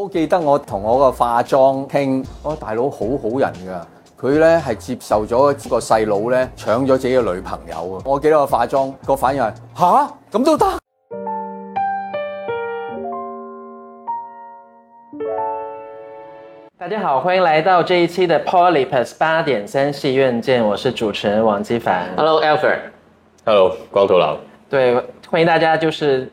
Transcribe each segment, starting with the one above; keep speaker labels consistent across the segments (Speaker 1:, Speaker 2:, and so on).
Speaker 1: 我記得我同我個化妝傾，我大佬好好人㗎，佢咧係接受咗個細佬咧搶咗自己嘅女朋友啊！我記得我化妝個反應係吓？咁都得。大家好，歡迎來到這一期的 PolyPlus 八點三戲院見，我是主持人王基凡。Hello，Alfred。Hello，光頭佬。對，歡迎大家，就是。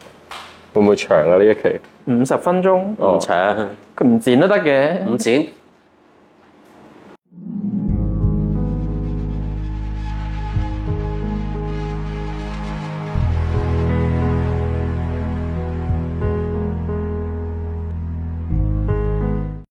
Speaker 1: 會唔會長啊？呢一期？五十分鐘 oh. 唔長啊，佢唔剪都得嘅，唔剪。